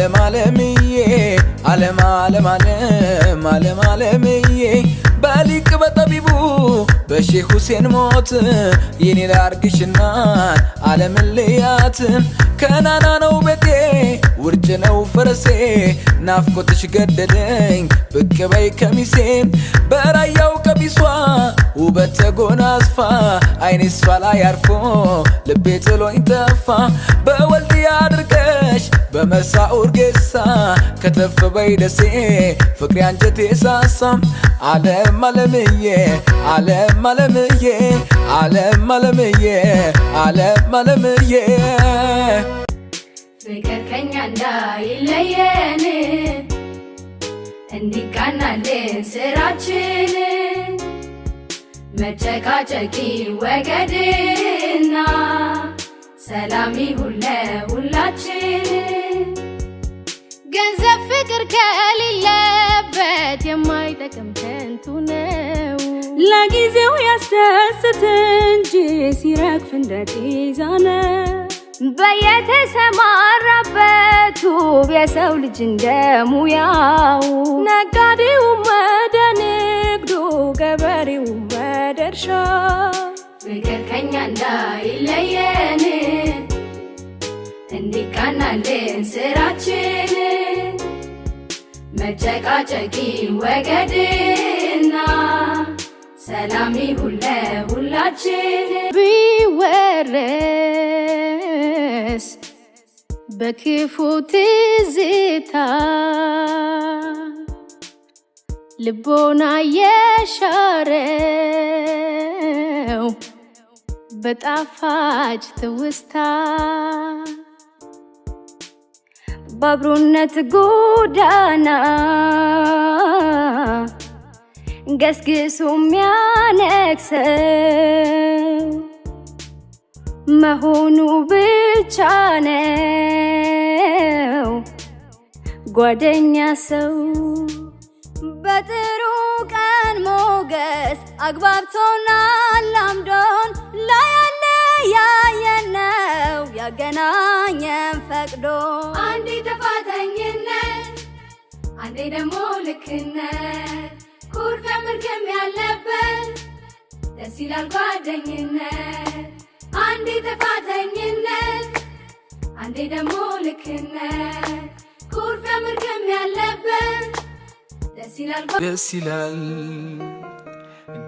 አለም አለምዬ አለም አለም አለም አለም አለምዬ በሊቅ በጠቢቡ በሼህ ሁሴን ሞት የኔ ላርግሽና አለምን ልያት ከናና ነው በጤ ውርጭ ነው ፈረሴ ናፍቆትሽ ገደደኝ ብቅ በይ ከሚሴ በራያው ውበት ተጎናጽፋ አይኔ እሷ ላይ አርፎ ልቤ ጥሎኝ ጠፋ። በወልድ ያድርገሽ በመሳ ኡርጌሳ ከተፍ በይ ደሴ ፍቅሬ አንጀቴ ሳሳም አለም ዓለምዬ አለም ዓለምዬ አለም ዓለምዬ አለም ዓለምዬ ፍቅር ከኛ እንዳይለየን እንዲቃናልን ስራችንን መጨቃጨቂ ወገድና ሰላም ሁለ ሁላችን ገንዘብ ፍቅር ከሌለበት የማይጠቅም ከንቱ ነው። ለጊዜው ያስደስት እንጂ ሲረግፍ እንደ ጤዛ ነው። ውብ የሰው ልጅ እንደ ሙያው ነጋዴውም ወደ ንግዱ ገበሬውም እርሻ ፍቅር ከኛ እንዳይለየን እንዲቃናልን ስራችን መጨቃጨቂ ወገድና ሰላሚ ሁለ ሁላችን ቢወረስ በክፉ ትዝታ ልቦና የሻረው በጣፋጭ ትውስታ ባብሮነት ጎዳና ገስግሶ የሚያነክሰው መሆኑ ብቻ ነው ጓደኛ ሰው በጥሩ ቀን ሞገስ አግባብቶና አላምዶን ላያለ ያየነው ያገናኘን ፈቅዶ አንዴ ጥፋተኝነት አንዴ ደግሞ ልክነት ኩርፊያ ምርክም ያለበት ደስ ይላል ጓደኝነት አንዴ ጥፋተኝነት አንዴ ደግሞ ልክነት ደስ ይላል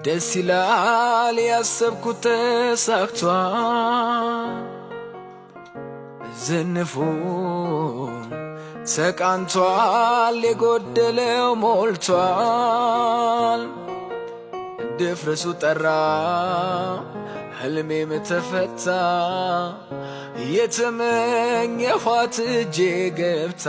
ደስ ይላል ያሰብኩት ተሳክቷል። ዘንፎ ተቃንቷል የጎደለው ሞልቷል። ድፍረሱ ጠራ ህልሜም ተፈታ የተመኘኋት እጄ ገብታ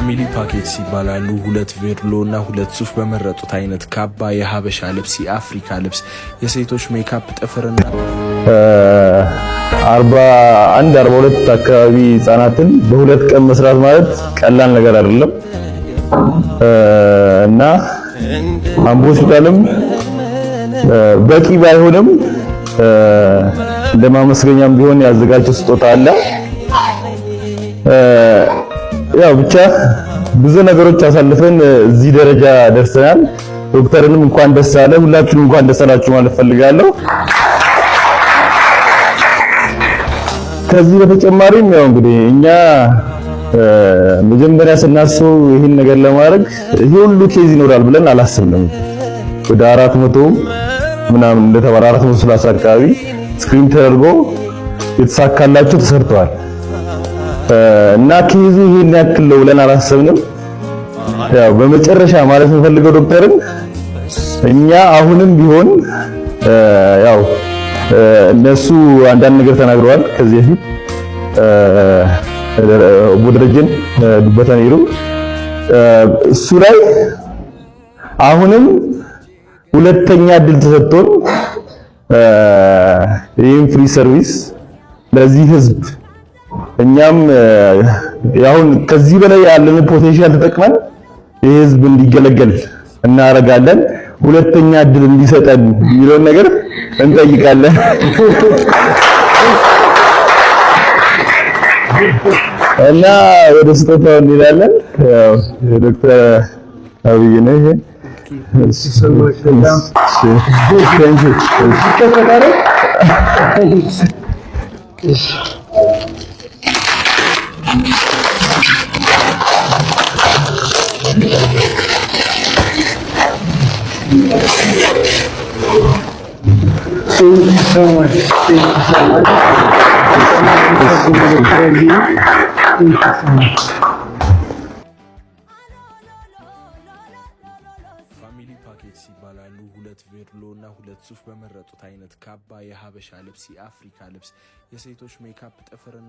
ፋሚሊ ፓኬጅ ይባላሉ። ሁለት ቬርሎ እና ሁለት ሱፍ በመረጡት አይነት ካባ፣ የሀበሻ ልብስ፣ የአፍሪካ ልብስ፣ የሴቶች ሜካፕ፣ ጥፍርና አርባ አንድ አርባ ሁለት አካባቢ ህጻናትን በሁለት ቀን መስራት ማለት ቀላል ነገር አይደለም እና አምቦ ሆስፒታልም በቂ ባይሆንም እንደማመስገኛም ቢሆን ያዘጋጀው ስጦታ አለ። ያው ብቻ ብዙ ነገሮች አሳልፈን እዚህ ደረጃ ደርሰናል። ዶክተርንም እንኳን ደስ አለ፣ ሁላችሁም እንኳን ደስ አላችሁ ማለት ፈልጋለሁ። ከዚህ በተጨማሪም ያው እንግዲህ እኛ መጀመሪያ ስናስበው ይህን ነገር ለማድረግ ይሄ ሁሉ ኬዝ ይኖራል ብለን አላስብንም። ወደ አራት መቶ ምናምን እንደተባለ አራት መቶ ስላሳ አካባቢ ስክሪን ተደርጎ የተሳካላቸው ተሰርተዋል። እና ኬዙ ይሄን ያክል ነው ብለን አላሰብንም። ያው በመጨረሻ ማለት የምፈልገው ዶክተርን እኛ አሁንም ቢሆን ያው እነሱ አንዳንድ ነገር ተናግረዋል ከዚህ በፊት ቦደረጀን ዱበታ ነው እሱ ላይ አሁንም ሁለተኛ እድል ተሰጥቶን ይህን ፍሪ ሰርቪስ ለዚህ ህዝብ እኛም ያሁን ከዚህ በላይ ያለን ፖቴንሻል ተጠቅመን ይህ ህዝብ እንዲገለገል እናደርጋለን። ሁለተኛ እድል እንዲሰጠን የሚለውን ነገር እንጠይቃለን። እና ወደ ስጦታው እንሄዳለን። ዶክተር አብይ ነው ይሄ ፋሚሊ ፓኬጅ ይባላሉ። ሁለት ቬርሎ እና ሁለት ሱፍ በመረጡት አይነት ካባ፣ የሀበሻ ልብስ፣ የአፍሪካ ልብስ፣ የሴቶች ሜካፕ፣ ጥፍርና